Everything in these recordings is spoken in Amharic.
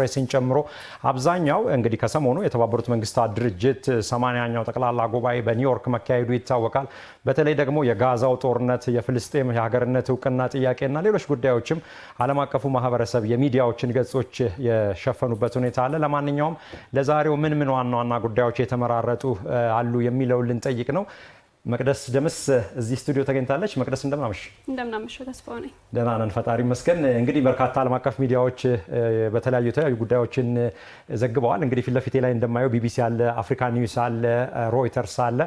ኤክስፕሬስን ጨምሮ አብዛኛው እንግዲህ ከሰሞኑ የተባበሩት መንግስታት ድርጅት ሰማንያኛው ጠቅላላ ጉባኤ በኒውዮርክ መካሄዱ ይታወቃል። በተለይ ደግሞ የጋዛው ጦርነት፣ የፍልስጤም የሀገርነት እውቅና ጥያቄና ሌሎች ጉዳዮችም ዓለም አቀፉ ማህበረሰብ የሚዲያዎችን ገጾች የሸፈኑበት ሁኔታ አለ። ለማንኛውም ለዛሬው ምን ምን ዋና ዋና ጉዳዮች የተመራረጡ አሉ የሚለው ልንጠይቅ ነው። መቅደስ ደምስ እዚህ ስቱዲዮ ተገኝታለች። መቅደስ እንደምናምሽ እንደምናምሽ ተስፋ ነኝ። ደህና ነን ፈጣሪ ይመስገን። እንግዲህ በርካታ ዓለም አቀፍ ሚዲያዎች በተለያዩ የተለያዩ ጉዳዮችን ዘግበዋል። እንግዲህ ፊት ለፊቴ ላይ እንደማየው ቢቢሲ አለ፣ አፍሪካ ኒውስ አለ፣ ሮይተርስ አለ።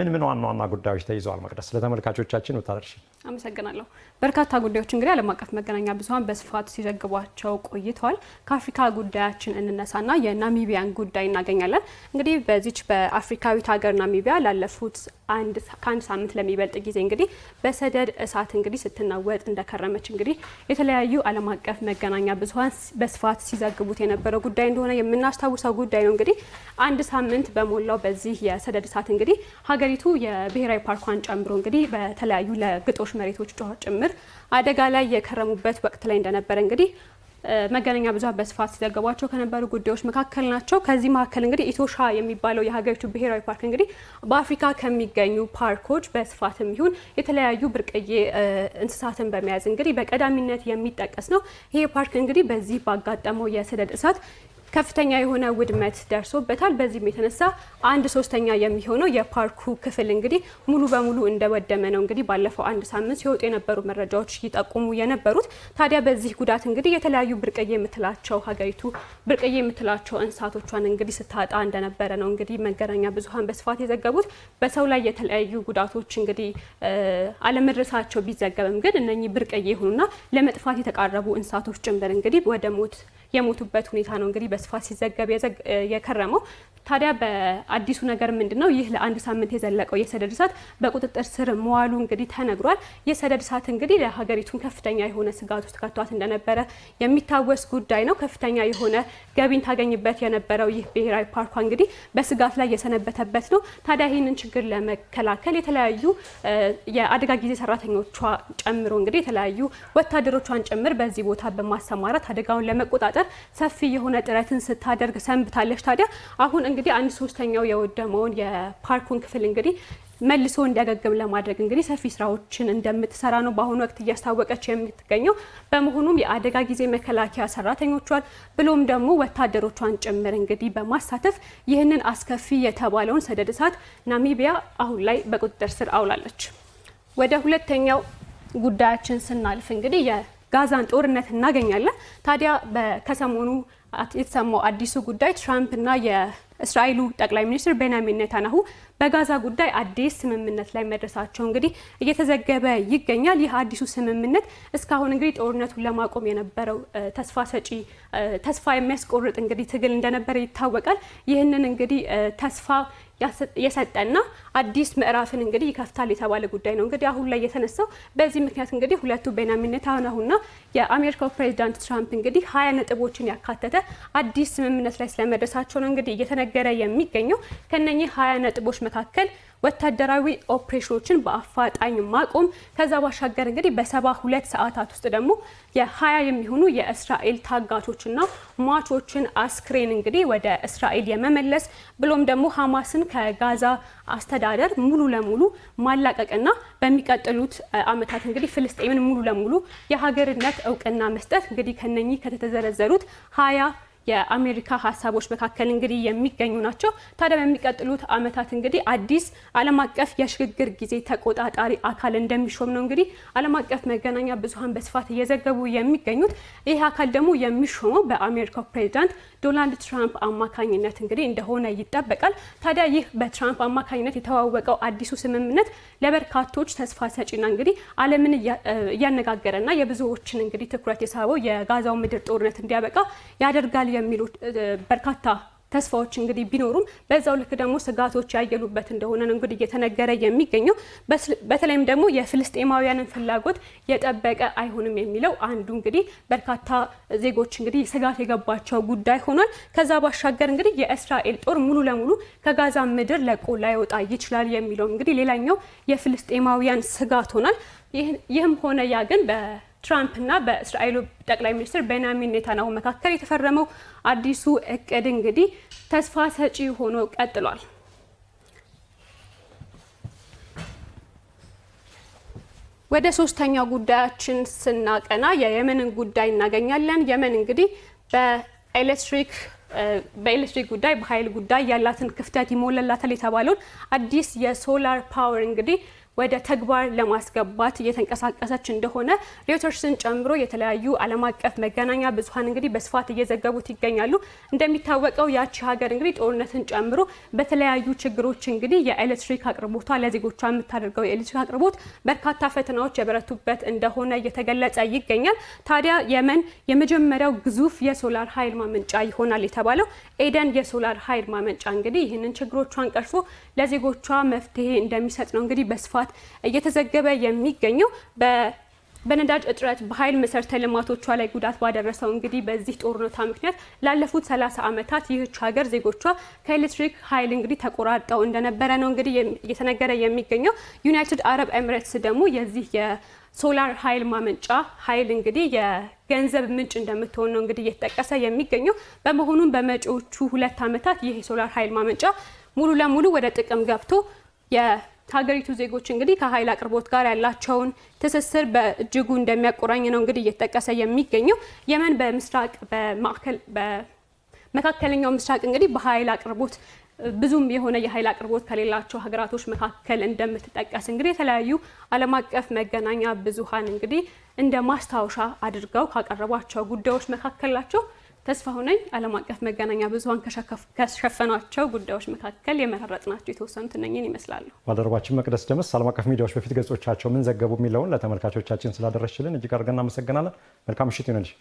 ምን ምን ዋና ዋና ጉዳዮች ተይዘዋል? መቅደስ ለተመልካቾቻችን ብታደርሽ አመሰግናለሁ። በርካታ ጉዳዮች እንግዲህ ዓለም አቀፍ መገናኛ ብዙኃን በስፋት ሲዘግቧቸው ቆይተዋል። ከአፍሪካ ጉዳያችን እንነሳና የናሚቢያን ጉዳይ እናገኛለን። እንግዲህ በዚች በአፍሪካዊት ሀገር ናሚቢያ ላለፉት ከአንድ ሳምንት ለሚበልጥ ጊዜ እንግዲህ በሰደድ እሳት እንግዲህ ስትናወጥ እንደከረመች እንግዲህ የተለያዩ ዓለም አቀፍ መገናኛ ብዙኃን በስፋት ሲዘግቡት የነበረው ጉዳይ እንደሆነ የምናስታውሰው ጉዳይ ነው። እንግዲህ አንድ ሳምንት በሞላው በዚህ የሰደድ እሳት እንግዲህ ሀገሪቱ የብሔራዊ ፓርኳን ጨምሮ እንግዲህ በተለያዩ ለግጦሽ ግጦሽ መሬቶች ጭምር አደጋ ላይ የከረሙበት ወቅት ላይ እንደነበረ እንግዲህ መገናኛ ብዙኃን በስፋት ሲዘገቧቸው ከነበሩ ጉዳዮች መካከል ናቸው። ከዚህ መካከል እንግዲህ ኢቶሻ የሚባለው የሀገሪቱ ብሔራዊ ፓርክ እንግዲህ በአፍሪካ ከሚገኙ ፓርኮች በስፋትም ይሁን የተለያዩ ብርቅዬ እንስሳትን በመያዝ እንግዲህ በቀዳሚነት የሚጠቀስ ነው። ይሄ ፓርክ እንግዲህ በዚህ ባጋጠመው የሰደድ እሳት ከፍተኛ የሆነ ውድመት ደርሶበታል። በዚህም የተነሳ አንድ ሶስተኛ የሚሆነው የፓርኩ ክፍል እንግዲህ ሙሉ በሙሉ እንደወደመ ነው እንግዲህ ባለፈው አንድ ሳምንት ሲወጡ የነበሩ መረጃዎች ይጠቁሙ የነበሩት። ታዲያ በዚህ ጉዳት እንግዲህ የተለያዩ ብርቅዬ የምትላቸው ሀገሪቱ ብርቅዬ የምትላቸው እንስሳቶቿን እንግዲህ ስታጣ እንደነበረ ነው እንግዲህ መገናኛ ብዙኃን በስፋት የዘገቡት። በሰው ላይ የተለያዩ ጉዳቶች እንግዲህ አለመድረሳቸው ቢዘገብም ግን እነኚህ ብርቅዬ የሆኑና ለመጥፋት የተቃረቡ እንስሳቶች ጭምር እንግዲህ ወደ ሞት የሞቱበት ሁኔታ ነው እንግዲህ በስፋት ሲዘገብ የከረመው ታዲያ በአዲሱ ነገር ምንድን ነው? ይህ ለአንድ ሳምንት የዘለቀው የሰደድ እሳት በቁጥጥር ስር መዋሉ እንግዲህ ተነግሯል። የሰደድ እሳት እንግዲህ ለሀገሪቱን ከፍተኛ የሆነ ስጋት ውስጥ ከቷት እንደነበረ የሚታወስ ጉዳይ ነው። ከፍተኛ የሆነ ገቢን ታገኝበት የነበረው ይህ ብሔራዊ ፓርኳ እንግዲህ በስጋት ላይ የሰነበተበት ነው። ታዲያ ይህንን ችግር ለመከላከል የተለያዩ የአደጋ ጊዜ ሰራተኞቿ ጨምሮ እንግዲህ የተለያዩ ወታደሮቿን ጭምር በዚህ ቦታ በማሰማራት አደጋውን ለመቆጣጠር ሰፊ የሆነ ጥረትን ስታደርግ ሰንብታለች። ታዲያ አሁን እንግዲህ አንድ ሶስተኛው የወደመውን የፓርኩን ክፍል እንግዲህ መልሶ እንዲያገግም ለማድረግ እንግዲህ ሰፊ ስራዎችን እንደምትሰራ ነው በአሁኑ ወቅት እያስታወቀች የምትገኘው። በመሆኑም የአደጋ ጊዜ መከላከያ ሰራተኞቿን ብሎም ደግሞ ወታደሮቿን ጭምር እንግዲህ በማሳተፍ ይህንን አስከፊ የተባለውን ሰደድ እሳት ናሚቢያ አሁን ላይ በቁጥጥር ስር አውላለች። ወደ ሁለተኛው ጉዳያችን ስናልፍ እንግዲህ የጋዛን ጦርነት እናገኛለን። ታዲያ ከሰሞኑ የተሰማው አዲሱ ጉዳይ ትራምፕና እስራኤሉ ጠቅላይ ሚኒስትር ቤንያሚን ኔታንያሁ በጋዛ ጉዳይ አዲስ ስምምነት ላይ መድረሳቸው እንግዲህ እየተዘገበ ይገኛል። ይህ አዲሱ ስምምነት እስካሁን እንግዲህ ጦርነቱን ለማቆም የነበረው ተስፋ ሰጪ ተስፋ የሚያስቆርጥ እንግዲህ ትግል እንደነበረ ይታወቃል። ይህንን እንግዲህ ተስፋ የሰጠና አዲስ ምዕራፍን እንግዲህ ይከፍታል የተባለ ጉዳይ ነው እንግዲህ አሁን ላይ የተነሳው። በዚህ ምክንያት እንግዲህ ሁለቱ ቤንያሚን ኔታንያሁና የአሜሪካው ፕሬዚዳንት ትራምፕ እንግዲህ ሀያ ነጥቦችን ያካተተ አዲስ ስምምነት ላይ ስለመድረሳቸው ነው እንግዲህ እየተነገ እየተነገረ የሚገኘው ከነኚህ ሀያ ነጥቦች መካከል ወታደራዊ ኦፕሬሽኖችን በአፋጣኝ ማቆም ከዛ ባሻገር እንግዲህ በሰባ ሁለት ሰዓታት ውስጥ ደግሞ የሀያ የሚሆኑ የእስራኤል ታጋቾችና ሟቾችን አስክሬን እንግዲህ ወደ እስራኤል የመመለስ ብሎም ደግሞ ሀማስን ከጋዛ አስተዳደር ሙሉ ለሙሉ ማላቀቅና በሚቀጥሉት ዓመታት እንግዲህ ፍልስጤምን ሙሉ ለሙሉ የሀገርነት እውቅና መስጠት እንግዲህ ከነኚህ ከተዘረዘሩት ሀያ የአሜሪካ ሀሳቦች መካከል እንግዲህ የሚገኙ ናቸው። ታዲያ በሚቀጥሉት ዓመታት እንግዲህ አዲስ ዓለም አቀፍ የሽግግር ጊዜ ተቆጣጣሪ አካል እንደሚሾም ነው እንግዲህ ዓለም አቀፍ መገናኛ ብዙሀን በስፋት እየዘገቡ የሚገኙት። ይህ አካል ደግሞ የሚሾመው በአሜሪካው ፕሬዚዳንት ዶናልድ ትራምፕ አማካኝነት እንግዲህ እንደሆነ ይጠበቃል። ታዲያ ይህ በትራምፕ አማካኝነት የተዋወቀው አዲሱ ስምምነት ለበርካቶች ተስፋ ሰጪና እንግዲህ ዓለምን እያነጋገረና የብዙዎችን እንግዲህ ትኩረት የሳበው የጋዛው ምድር ጦርነት እንዲያበቃ ያደርጋል የሚሉ በርካታ ተስፋዎች እንግዲህ ቢኖሩም በዛው ልክ ደግሞ ስጋቶች ያየሉበት እንደሆነ ነው እንግዲህ እየተነገረ የሚገኘው። በተለይም ደግሞ የፍልስጤማውያንን ፍላጎት የጠበቀ አይሆንም የሚለው አንዱ እንግዲህ በርካታ ዜጎች እንግዲህ ስጋት የገባቸው ጉዳይ ሆኗል። ከዛ ባሻገር እንግዲህ የእስራኤል ጦር ሙሉ ለሙሉ ከጋዛ ምድር ለቆ ላይወጣ ይችላል የሚለው እንግዲህ ሌላኛው የፍልስጤማውያን ስጋት ሆኗል። ይህም ሆነ ያ ግን ትራምፕ እና በእስራኤሉ ጠቅላይ ሚኒስትር ቤንያሚን ኔታንያሁ መካከል የተፈረመው አዲሱ እቅድ እንግዲህ ተስፋ ሰጪ ሆኖ ቀጥሏል። ወደ ሶስተኛ ጉዳያችን ስናቀና የየመንን ጉዳይ እናገኛለን። የመን እንግዲህ በኤሌክትሪክ በኤሌክትሪክ ጉዳይ በኃይል ጉዳይ ያላትን ክፍተት ይሞላላታል የተባለውን አዲስ የሶላር ፓወር እንግዲህ ወደ ተግባር ለማስገባት እየተንቀሳቀሰች እንደሆነ ሬውተርስን ጨምሮ የተለያዩ ዓለም አቀፍ መገናኛ ብዙሀን እንግዲህ በስፋት እየዘገቡት ይገኛሉ። እንደሚታወቀው ያቺ ሀገር እንግዲህ ጦርነትን ጨምሮ በተለያዩ ችግሮች እንግዲህ የኤሌክትሪክ አቅርቦቷ ለዜጎቿ የምታደርገው የኤሌክትሪክ አቅርቦት በርካታ ፈተናዎች የበረቱበት እንደሆነ እየተገለጸ ይገኛል። ታዲያ የመን የመጀመሪያው ግዙፍ የሶላር ኃይል ማመንጫ ይሆናል የተባለው ኤደን የሶላር ኃይል ማመንጫ እንግዲህ ይህንን ችግሮቿን ቀርፎ ለዜጎቿ መፍትሄ እንደሚሰጥ ነው እንግዲህ በስፋት መጥፋት እየተዘገበ የሚገኘው በነዳጅ እጥረት በኃይል መሰረተ ልማቶቿ ላይ ጉዳት ባደረሰው እንግዲህ በዚህ ጦርነቷ ምክንያት ላለፉት 30 ዓመታት ይህች ሀገር ዜጎቿ ከኤሌክትሪክ ኃይል እንግዲህ ተቆራርጠው እንደነበረ ነው እንግዲህ እየተነገረ የሚገኘው። ዩናይትድ አረብ ኤምሬትስ ደግሞ የዚህ የሶላር ኃይል ማመንጫ ኃይል እንግዲህ የገንዘብ ምንጭ እንደምትሆን ነው እንግዲህ እየተጠቀሰ የሚገኘው። በመሆኑም በመጪዎቹ ሁለት ዓመታት ይህ የሶላር ኃይል ማመንጫ ሙሉ ለሙሉ ወደ ጥቅም ገብቶ ሀገሪቱ ዜጎች እንግዲህ ከኃይል አቅርቦት ጋር ያላቸውን ትስስር በእጅጉ እንደሚያቆራኝ ነው እንግዲህ እየተጠቀሰ የሚገኘው። የመን በምስራቅ በማዕከል በመካከለኛው ምስራቅ እንግዲህ በኃይል አቅርቦት ብዙም የሆነ የኃይል አቅርቦት ከሌላቸው ሀገራቶች መካከል እንደምትጠቀስ እንግዲህ የተለያዩ ዓለም አቀፍ መገናኛ ብዙሃን እንግዲህ እንደ ማስታወሻ አድርገው ካቀረቧቸው ጉዳዮች መካከላቸው ናቸው። ተስፋ ነኝ። ዓለም አቀፍ መገናኛ ብዙሃን ከሸፈኗቸው ጉዳዮች መካከል ናቸው የተወሰኑት እነኝን ይመስላሉ። ባልደረባችን መቅደስ ደምስ ዓለም አቀፍ ሚዲያዎች በፊት ገጾቻቸው ምን ዘገቡ የሚለውን ለተመልካቾቻችን ስላደረስችልን እጅግ አድርገን እናመሰግናለን። መልካም ምሽት ይሆንልሽ።